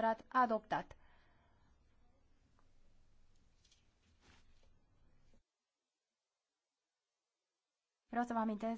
considerat adoptat. Vreau să vă amintesc